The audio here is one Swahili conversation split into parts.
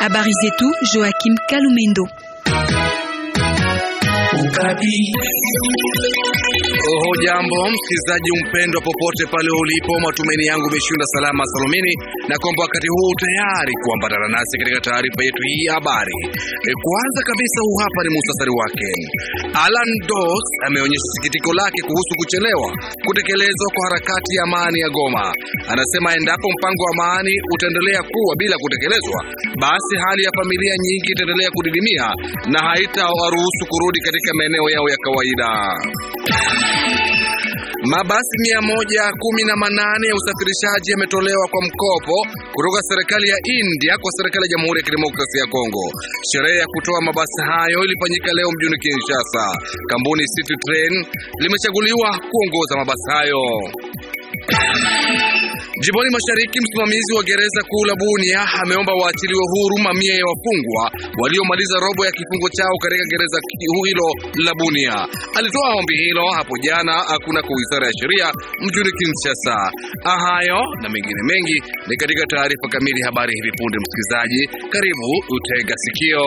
A Barizetou, Joachim Kalumendo. Hujambo msikilizaji mpendwa, popote pale ulipo, matumaini yangu umeshinda salama salumini, na kwamba wakati huu tayari kuambatana nasi katika taarifa yetu hii habari. Eh, kwanza kabisa, huu hapa ni muhtasari wake. Alan Dos ameonyesha sikitiko lake kuhusu kuchelewa kutekelezwa kwa harakati ya amani ya Goma. Anasema endapo mpango wa amani utaendelea kuwa bila kutekelezwa, basi hali ya familia nyingi itaendelea kudidimia na haitawaruhusu kurudi katika maeneo yao ya kawaida. Mabasi mia moja kumi na manane ya usafirishaji yametolewa kwa mkopo kutoka serikali ya India kwa serikali ya Jamhuri ya Kidemokrasia ya Kongo. Sherehe ya kutoa mabasi hayo ilifanyika leo mjini Kinshasa. Kampuni City Train limechaguliwa kuongoza mabasi hayo. Jimboni Mashariki, msimamizi wa gereza kuu la Bunia ameomba waachiliwe huru mamia ya wafungwa waliomaliza robo ya kifungo chao katika gereza hilo la Bunia. Alitoa ombi hilo hapo jana kwa wizara ya sheria mjini Kinshasa. Ahayo na mengine mengi ni katika taarifa kamili, habari hivi punde. Msikilizaji, karibu utega sikio.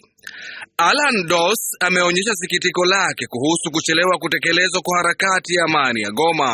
Alan Doss ameonyesha sikitiko lake kuhusu kuchelewa kutekelezwa kwa harakati ya amani ya Goma.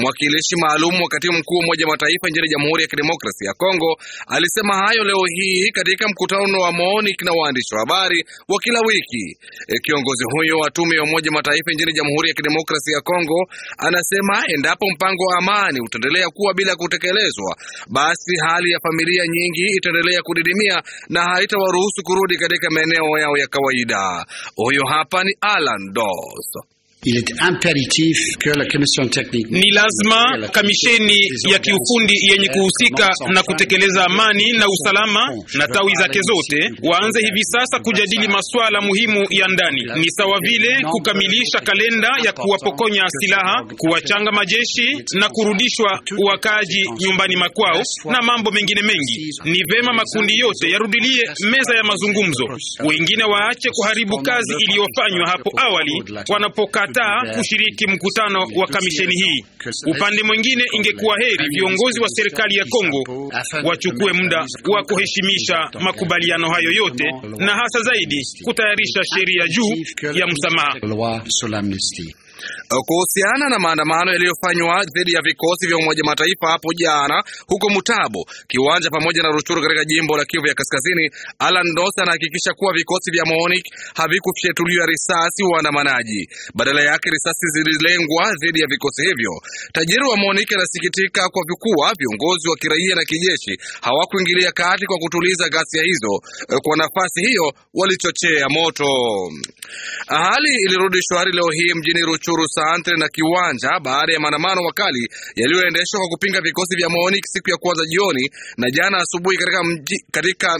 Mwakilishi maalum wa katibu mkuu wa Umoja Mataifa nchini Jamhuri ya Kidemokrasia ya Kongo alisema hayo leo hii katika mkutano wa maoni na waandishi wa habari wa kila wiki. E, kiongozi huyo wa tume ya Umoja Mataifa nchini Jamhuri ya Kidemokrasia ya Kongo anasema endapo mpango wa amani utaendelea kuwa bila kutekelezwa, basi hali ya familia nyingi itaendelea kudidimia na haitawaruhusu kurudi katika maeneo yao ya kawaida. Huyo hapa ni Alan Doss. Il est impératif que la commission technique, ni lazima kamisheni ya kiufundi yenye kuhusika na kutekeleza amani na usalama na tawi zake zote waanze hivi sasa kujadili masuala muhimu ya ndani, ni sawa vile kukamilisha kalenda ya kuwapokonya silaha, kuwachanga majeshi na kurudishwa wakaaji nyumbani makwao na mambo mengine mengi. Ni vema makundi yote yarudilie meza ya mazungumzo, wengine waache kuharibu kazi iliyofanywa hapo awali wanapoka kukataa kushiriki mkutano wa kamisheni hii. Upande mwingine, ingekuwa heri viongozi wa serikali ya Kongo wachukue muda wa kuheshimisha makubaliano hayo yote, na hasa zaidi kutayarisha sheria juu ya msamaha. Uh, kuhusiana na maandamano yaliyofanywa dhidi ya vikosi vya Umoja Mataifa hapo jana huko Mutabo, Kiwanja pamoja na Ruchuru katika jimbo la Kivu ya Kaskazini, Alan Doss anahakikisha kuwa vikosi vya MONUC havikufyatuliwa risasi waandamanaji, badala yake risasi zililengwa dhidi ya vikosi hivyo. Tajiri wa MONUC anasikitika kwa kuwa viongozi wa kiraia na kijeshi hawakuingilia kati kwa kutuliza ghasia hizo, uh, kwa nafasi hiyo walichochea moto. Hali ilirudi shwari leo hii mjini Ruchuru Rutshuru santre na Kiwanja baada ya maandamano makali yaliyoendeshwa kwa kupinga vikosi vya MONUC siku ya kwanza jioni na jana asubuhi katika, katika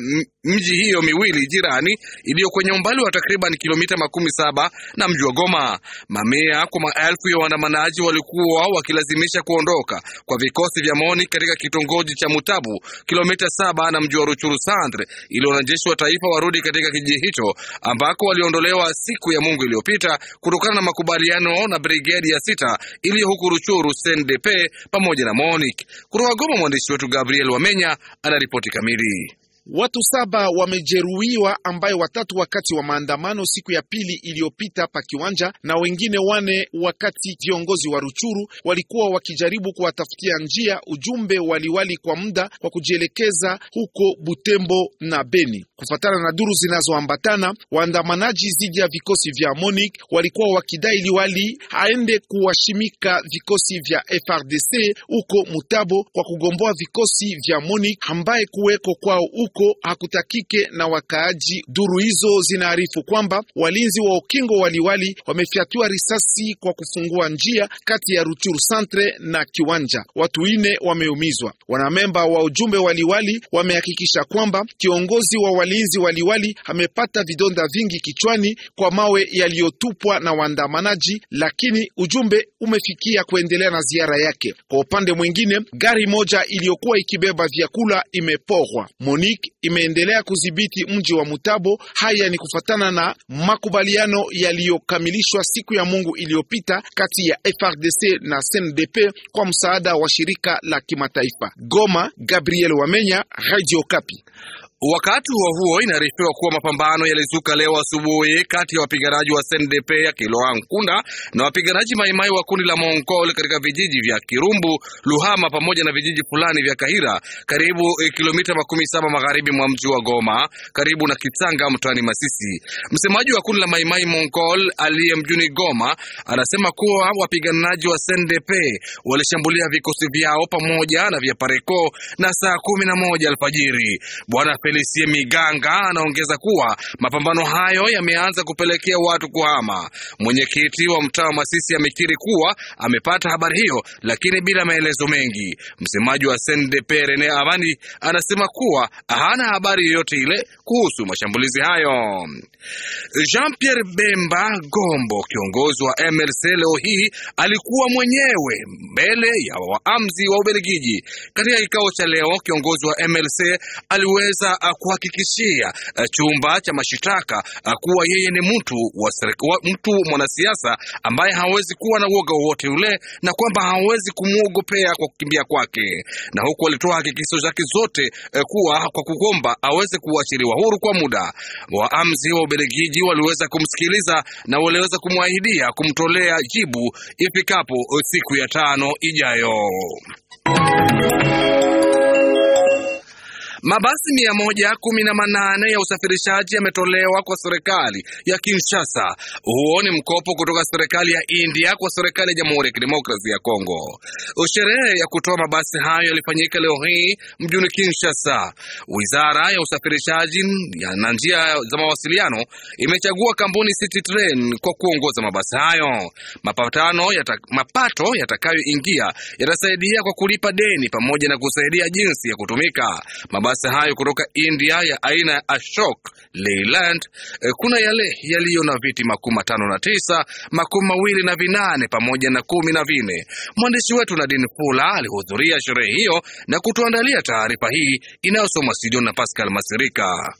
miji hiyo miwili jirani iliyo kwenye umbali wa takriban kilomita makumi saba na mji wa Goma. Mamia kwa maelfu ya waandamanaji walikuwa wakilazimisha kuondoka kwa vikosi vya MONI katika kitongoji cha Mutabu, kilomita saba na mji wa Ruchuru Sandre, ili wanajeshi wa taifa warudi katika kijiji hicho ambako waliondolewa siku ya Mungu iliyopita kutokana na makubaliano na brigedi ya sita iliyo huku Ruchuru CNDP pamoja na MONIK. Kutoka Goma, mwandishi wetu Gabriel Wamenya ana ripoti kamili. Watu saba wamejeruhiwa, ambayo watatu wakati wa maandamano siku ya pili iliyopita pa kiwanja na wengine wane wakati viongozi wa Ruchuru walikuwa wakijaribu kuwatafutia njia ujumbe waliwali kwa muda kwa kujielekeza huko Butembo na Beni. Kufatana na duru zinazoambatana, waandamanaji dhidi ya vikosi vya MONUC walikuwa wakidai liwali aende kuwashimika vikosi vya FRDC huko Mutabo kwa kugomboa vikosi vya MONUC ambaye kuweko kwao huko huko hakutakike na wakaaji. Duru hizo zinaarifu kwamba walinzi wa ukingo waliwali wamefiatiwa risasi kwa kufungua njia kati ya Ruchuru Centre na Kiwanja. Watu ine wameumizwa. Wanamemba wa ujumbe waliwali wamehakikisha kwamba kiongozi wa walinzi waliwali amepata vidonda vingi kichwani kwa mawe yaliyotupwa na waandamanaji, lakini ujumbe umefikia kuendelea na ziara yake. Kwa upande mwingine, gari moja iliyokuwa ikibeba vyakula imeporwa. Monique imeendelea kudhibiti mji wa Mutabo. Haya ni kufatana na makubaliano yaliyokamilishwa siku ya Mungu iliyopita kati ya FRDC na sndp kwa msaada wa shirika la kimataifa. Goma, Gabriel Wamenya, Radio Kapi. Wakati huo huo, inaarifiwa kuwa mapambano yalizuka leo asubuhi kati ya wapiganaji wa SNDP ya Kiloa Nkunda na wapiganaji maimai wa kundi la Monkol katika vijiji vya Kirumbu, Luhama pamoja na vijiji fulani vya Kahira, karibu e, kilomita makumi saba magharibi mwa mji wa Goma, karibu na Kitanga mtaani Masisi. Msemaji wa kundi la maimai Monkol aliye mjini Goma anasema kuwa wapiganaji wa SNDP walishambulia vikosi vyao pamoja na vya Pareko na saa kumi na moja alfajiri. Bwana Felicie Miganga anaongeza kuwa mapambano hayo yameanza kupelekea watu kuhama. Mwenyekiti wa mtaa wa Masisi amekiri kuwa amepata habari hiyo, lakini bila maelezo mengi. Msemaji wa SDP Rene Avani anasema kuwa hana habari yoyote ile kuhusu mashambulizi hayo. Jean Pierre Bemba Gombo, kiongozi wa MLC, leo hii alikuwa mwenyewe mbele ya waamzi wa Ubelgiji. Katika kikao cha leo, kiongozi wa MLC aliweza kuhakikishia eh, chumba cha mashitaka eh, kuwa yeye ni mtu wa mtu mwanasiasa ambaye hawezi kuwa na uoga wowote ule na kwamba hawezi kumwogopea kwa kukimbia kwake, na huku walitoa hakikisho zake zote eh, kuwa kwa kukomba aweze kuachiliwa huru kwa muda. Waamzi wa Ubelgiji waliweza kumsikiliza na waliweza kumwahidia kumtolea jibu ifikapo siku ya tano ijayo. Mabasi mia moja kumi na manane ya usafirishaji yametolewa kwa serikali ya Kinshasa. Huo ni mkopo kutoka serikali ya India kwa serikali ya Jamhuri ya Kidemokrasia ya Kongo. Sherehe ya kutoa mabasi hayo yalifanyika leo hii mjini Kinshasa. Wizara ya usafirishaji na njia za mawasiliano imechagua kampuni City Train kwa kuongoza mabasi hayo. Mapatano yata, mapato yatakayoingia yatasaidia kwa kulipa deni pamoja na kusaidia jinsi ya kutumika mabasi mabasi hayo kutoka India ya aina ya Ashok Leyland, eh, kuna yale yaliyo na viti makumi matano na tisa, makumi mawili na vinane pamoja na kumi na vine. Mwandishi wetu Nadine Fula alihudhuria sherehe hiyo na kutuandalia taarifa hii inayosomwa studio na Pascal Masirika.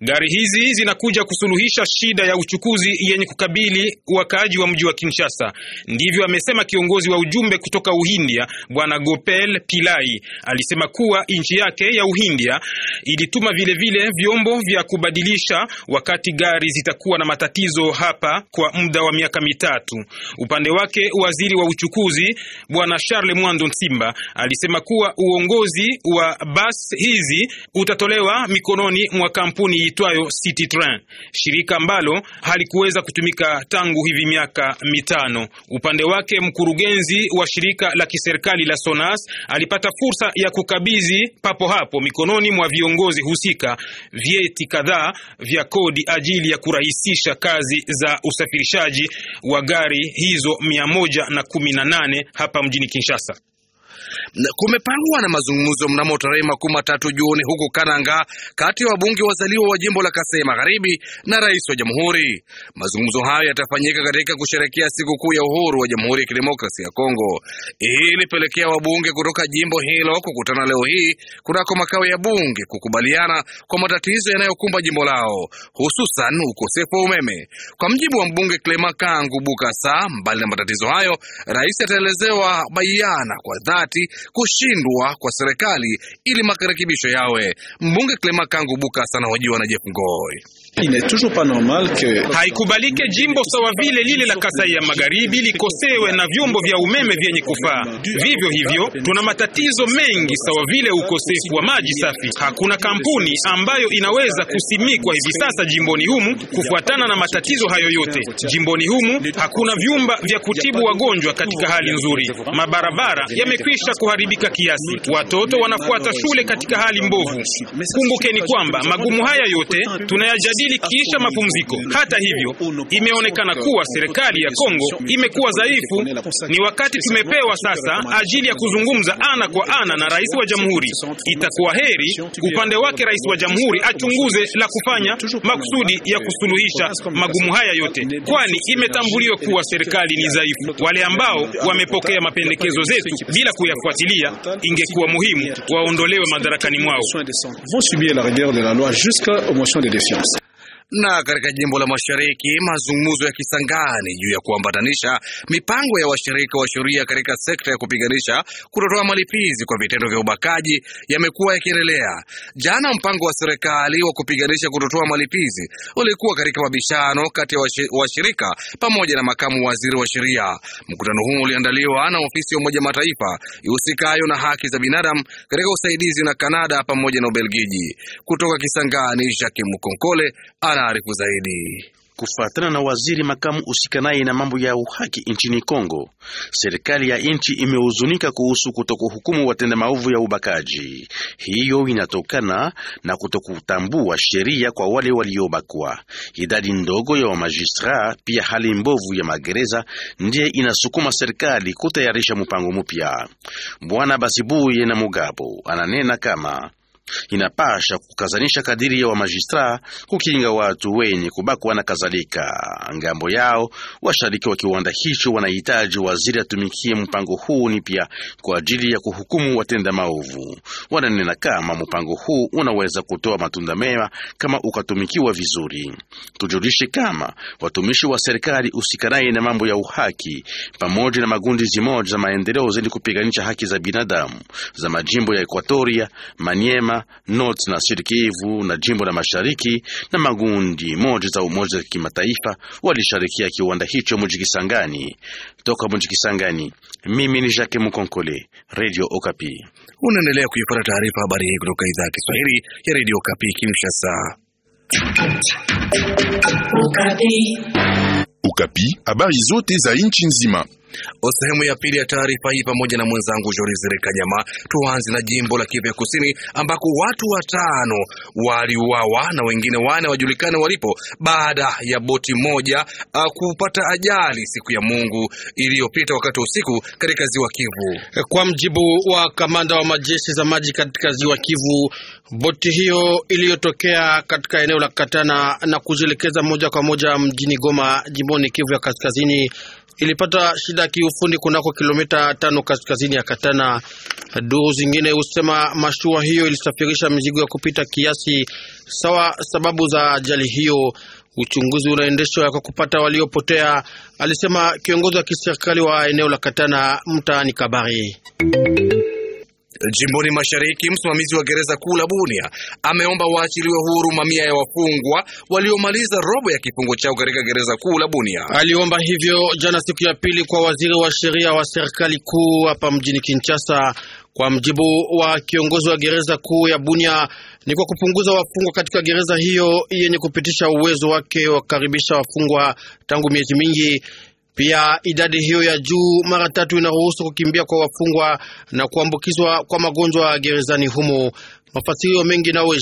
Gari hizi zinakuja kusuluhisha shida ya uchukuzi yenye kukabili wakaaji wa mji wa Kinshasa. Ndivyo amesema kiongozi wa ujumbe kutoka Uhindia, Bwana Gopel Pillai. Alisema kuwa nchi yake ya Uhindia ilituma vilevile vile vyombo vya kubadilisha wakati gari zitakuwa na matatizo hapa kwa muda wa miaka mitatu. Upande wake, waziri wa uchukuzi Bwana Charles Mwando Nsimba alisema kuwa uongozi wa bus hizi utatolewa mikononi mwa kampuni kampuni iitwayo City Train, shirika ambalo halikuweza kutumika tangu hivi miaka mitano. Upande wake, mkurugenzi wa shirika la kiserikali la Sonas alipata fursa ya kukabidhi papo hapo mikononi mwa viongozi husika vyeti kadhaa vya kodi ajili ya kurahisisha kazi za usafirishaji wa gari hizo 118 hapa mjini Kinshasa. Kumepangwa na mazungumzo mnamo tarehe makumi matatu Juni huko Kananga kati ya wabunge wazaliwa wa jimbo la Kasai Magharibi na rais wa jamhuri. Mazungumzo hayo yatafanyika katika kusherekea sikukuu ya uhuru wa Jamhuri ya Kidemokrasia ya Kongo. Hii ilipelekea wabunge kutoka jimbo hilo kukutana leo hii kunako makao ya bunge kukubaliana kwa matatizo yanayokumba jimbo lao, hususan ukosefu wa umeme. Kwa mjibu wa mbunge Clema Kangu Bukasa, mbali na matatizo hayo, rais ataelezewa bayana kwa dhati wakati kushindwa kwa serikali ili marekebisho yawe. Mbunge Clement Kangu Bukasa anahojiwa na Jeff Ngoi. Haikubalike jimbo sawa vile lile la Kasai ya Magharibi likosewe na vyombo vya umeme vyenye kufaa. Vivyo hivyo tuna matatizo mengi sawa vile ukosefu wa maji safi. Hakuna kampuni ambayo inaweza kusimikwa hivi sasa jimboni humu kufuatana na matatizo hayo yote. Jimboni humu hakuna vyumba vya kutibu wagonjwa katika hali nzuri. Mabarabara yamekwisha katika kuharibika kiasi, watoto wanafuata shule katika hali mbovu. Kumbukeni kwamba magumu haya yote tunayajadili kiisha mapumziko. Hata hivyo, imeonekana kuwa serikali ya Kongo imekuwa dhaifu. Ni wakati tumepewa sasa ajili ya kuzungumza ana kwa ana na rais wa jamhuri. Itakuwa heri upande wake rais wa jamhuri achunguze la kufanya makusudi ya kusuluhisha magumu haya yote, kwani imetambuliwa kuwa serikali ni dhaifu. Wale ambao wamepokea mapendekezo zetu bila kuya Vous subissez la rigueur de la loi jusqu'aux motions de défiance. Na katika jimbo la Mashariki, mazungumzo ya Kisangani juu ya kuambatanisha mipango ya washirika wa sheria katika sekta ya kupiganisha kutotoa malipizi kwa vitendo vya ubakaji yamekuwa yakiendelea. Jana, mpango wa serikali wa kupiganisha kutotoa malipizi ulikuwa katika mabishano kati ya washirika pamoja na makamu waziri wa sheria. Mkutano huu uliandaliwa na ofisi ya Umoja Mataifa ihusikayo na haki za binadamu katika usaidizi na Kanada pamoja na Ubelgiji. Kutoka Kisangani, Jacques Mukonkole ana taarifu zaidi. Kufuatana na waziri makamu usikanaye na mambo ya uhaki nchini Kongo, serikali ya nchi imehuzunika kuhusu kutokuhukumu watenda maovu ya ubakaji. Hiyo inatokana na kutokutambua sheria kwa wale waliobakwa. Idadi ndogo ya wamajistra, pia hali mbovu ya magereza ndiye inasukuma serikali kutayarisha mpango mpya. Bwana Basibuye na Mugabo ananena kama inapasha kukazanisha kadiri ya wamajistra kukinga watu wenye kubakwa na kadhalika. Ngambo yao washariki wa kiwanda hicho wanahitaji waziri atumikie mpango huu ni pia kwa ajili ya kuhukumu watenda maovu. Wananena kama mpango huu unaweza kutoa matunda mema kama ukatumikiwa vizuri. Tujulishe kama watumishi wa serikali usikanaye na mambo ya uhaki pamoja na magundi zimoja za maendeleo zenye kupiganisha haki za binadamu za majimbo ya Ekuatoria, Maniema Chadema, North na Kivu na jimbo la mashariki na magundi moja za umoja wa kimataifa walishirikia kiwanda hicho mujikisangani. Toka mujikisangani, mimi ni Jacques Mukonkole, Radio Okapi. Unaendelea kuipata taarifa habari hii kutoka idhaa ya Kiswahili ya Radio Okapi Kinshasa. Okapi, habari zote za nchi nzima Sehemu ya pili ya taarifa hii pamoja na mwenzangu Joris Rekanyama. Tuanze na jimbo la Kivu ya Kusini ambako watu watano waliuawa na wengine wane wajulikana walipo baada ya boti moja uh, kupata ajali siku ya Mungu iliyopita wakati wa usiku katika ziwa Kivu. Kwa mjibu wa kamanda wa majeshi za maji katika ziwa Kivu, boti hiyo iliyotokea katika eneo la Katana na kujielekeza moja kwa moja mjini Goma, jimboni Kivu ya Kaskazini ilipata shida ya kiufundi kunako kilomita tano kaskazini ya Katana. Duru zingine husema mashua hiyo ilisafirisha mizigo ya kupita kiasi sawa. Sababu za ajali hiyo uchunguzi unaendeshwa kwa kupata waliopotea, alisema kiongozi wa kiserikali wa eneo la Katana mtaani kabari Jimboni Mashariki, msimamizi wa gereza kuu la Bunia ameomba waachiliwe huru mamia ya wafungwa waliomaliza robo ya kifungo chao katika gereza kuu la Bunia. Aliomba hivyo jana siku ya pili kwa waziri wa sheria wa serikali kuu hapa mjini Kinshasa. Kwa mjibu wa kiongozi wa gereza kuu ya Bunia, ni kwa kupunguza wafungwa katika gereza hiyo yenye kupitisha uwezo wake wa kukaribisha wafungwa tangu miezi mingi pia idadi hiyo ya juu mara tatu inaruhusu kukimbia kwa wafungwa na kuambukizwa kwa magonjwa gerezani humo. Mafasirio mengi nawe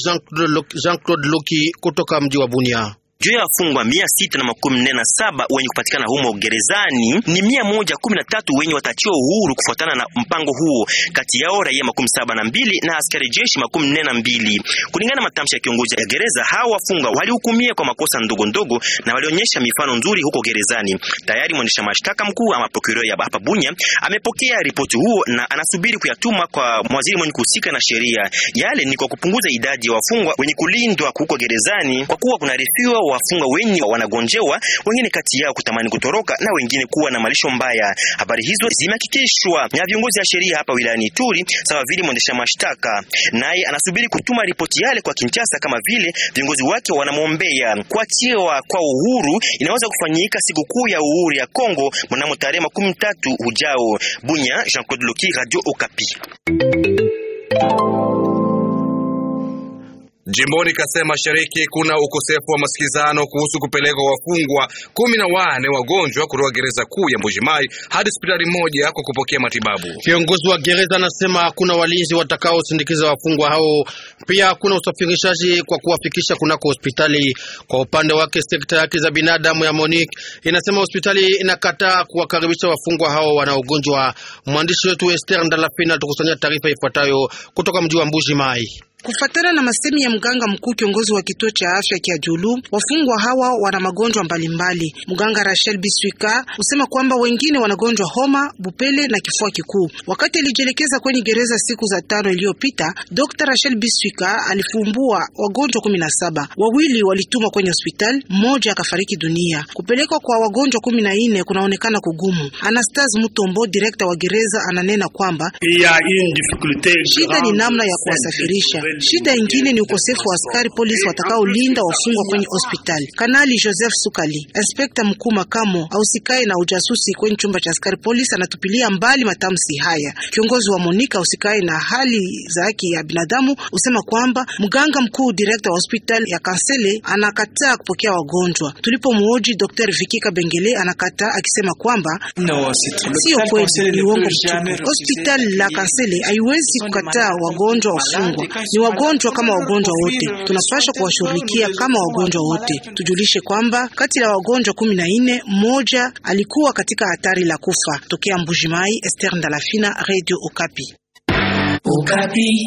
Jean Claude loki kutoka mji wa Bunia juu ya wafungwa mia sita na makumi nne na saba wenye kupatikana humo gerezani ni mia moja kumi na tatu wenye watachiwa uhuru kufuatana na mpango huo, kati yao raia makumi saba na mbili na askari jeshi makumi nne na mbili kulingana na matamshi ya kiongozi ya gereza. Hawa wafungwa walihukumia kwa makosa ndogo ndogo na walionyesha mifano nzuri huko gerezani. Tayari mwendesha mashtaka mkuu ama prokureur ya hapa Bunya amepokea ripoti huo na anasubiri kuyatuma kwa mwaziri mwenye kuhusika na sheria. Yale ni kwa kupunguza idadi ya wafungwa wenye kulindwa huko gerezani, kwa kuwa kunarifiwa wafunga wenye wanagonjewa, wengine kati yao kutamani kutoroka na wengine kuwa na malisho mbaya. Habari hizo zimehakikishwa na viongozi wa sheria hapa wilayani Ituri, sawa vile mwendesha mashtaka, naye anasubiri kutuma ripoti yale kwa Kinshasa, kama vile viongozi wake wanamwombea. Kuachiwa kwa uhuru inaweza kufanyika siku kuu ya uhuru ya Kongo mnamo tarehe makumi tatu ujao. Bunya, Jean Claude Loki, Radio Okapi. Jimboni Kasai Mashariki kuna ukosefu wa masikizano kuhusu kupelekwa wafungwa kumi na wane wagonjwa kutoka gereza kuu ya Mbujimai hadi hospitali moja kwa kupokea matibabu. Kiongozi wa gereza anasema hakuna walinzi watakaosindikiza wafungwa hao, pia hakuna usafirishaji kwa kuwafikisha kunako hospitali. Kwa upande wake, sekta ya haki za binadamu ya Monique inasema hospitali inakataa kuwakaribisha wafungwa hao wanaogonjwa. Mwandishi wetu Esther Ndalafina tukusanya taarifa ifuatayo kutoka mji wa Mbujimai. Kufatana na masemi ya mganga mkuu kiongozi wa kituo cha afya kia Julu, wafungwa hawa wana magonjwa mbalimbali. Mganga Rachel Biswika husema kwamba wengine wanagonjwa homa, bupele na kifua kikuu. Wakati alijielekeza kwenye gereza siku za tano iliyopita, Dr. Rachel Biswika alifumbua wagonjwa kumi na saba, wawili walitumwa kwenye hospitali, mmoja akafariki dunia. Kupelekwa kwa wagonjwa kumi na nne kunaonekana kugumu. Anastase Mutombo, direkta wa gereza, ananena kwamba shida ni namna ya kuwasafirisha Shida ingine ni ukosefu wa askari polisi watakaolinda wafungwa kwenye hospitali. Kanali Joseph Sukali, inspekta mkuu makamo ausikae na ujasusi kwenye chumba cha askari polisi, anatupilia mbali matamsi haya. Kiongozi wa Monika ausikae na hali za haki ya binadamu usema kwamba mganga mkuu direkta wa hospitali ya Kansele anakataa kupokea wagonjwa. Tulipomwoji Dr. Viki bengele anakataa akisema kwamba sio kweli, ni uongo mtupu. Hospitali la Kansele haiwezi kukataa wagonjwa wafungwa, ni ni wagonjwa kama wagonjwa wote, tunapaswa kuwashughulikia kama wagonjwa wote. Tujulishe kwamba kati ya wagonjwa kumi na nne mmoja alikuwa katika hatari la kufa. Tokea Mbujimai, Esther Ndalafina, Radio Okapi. Okapi.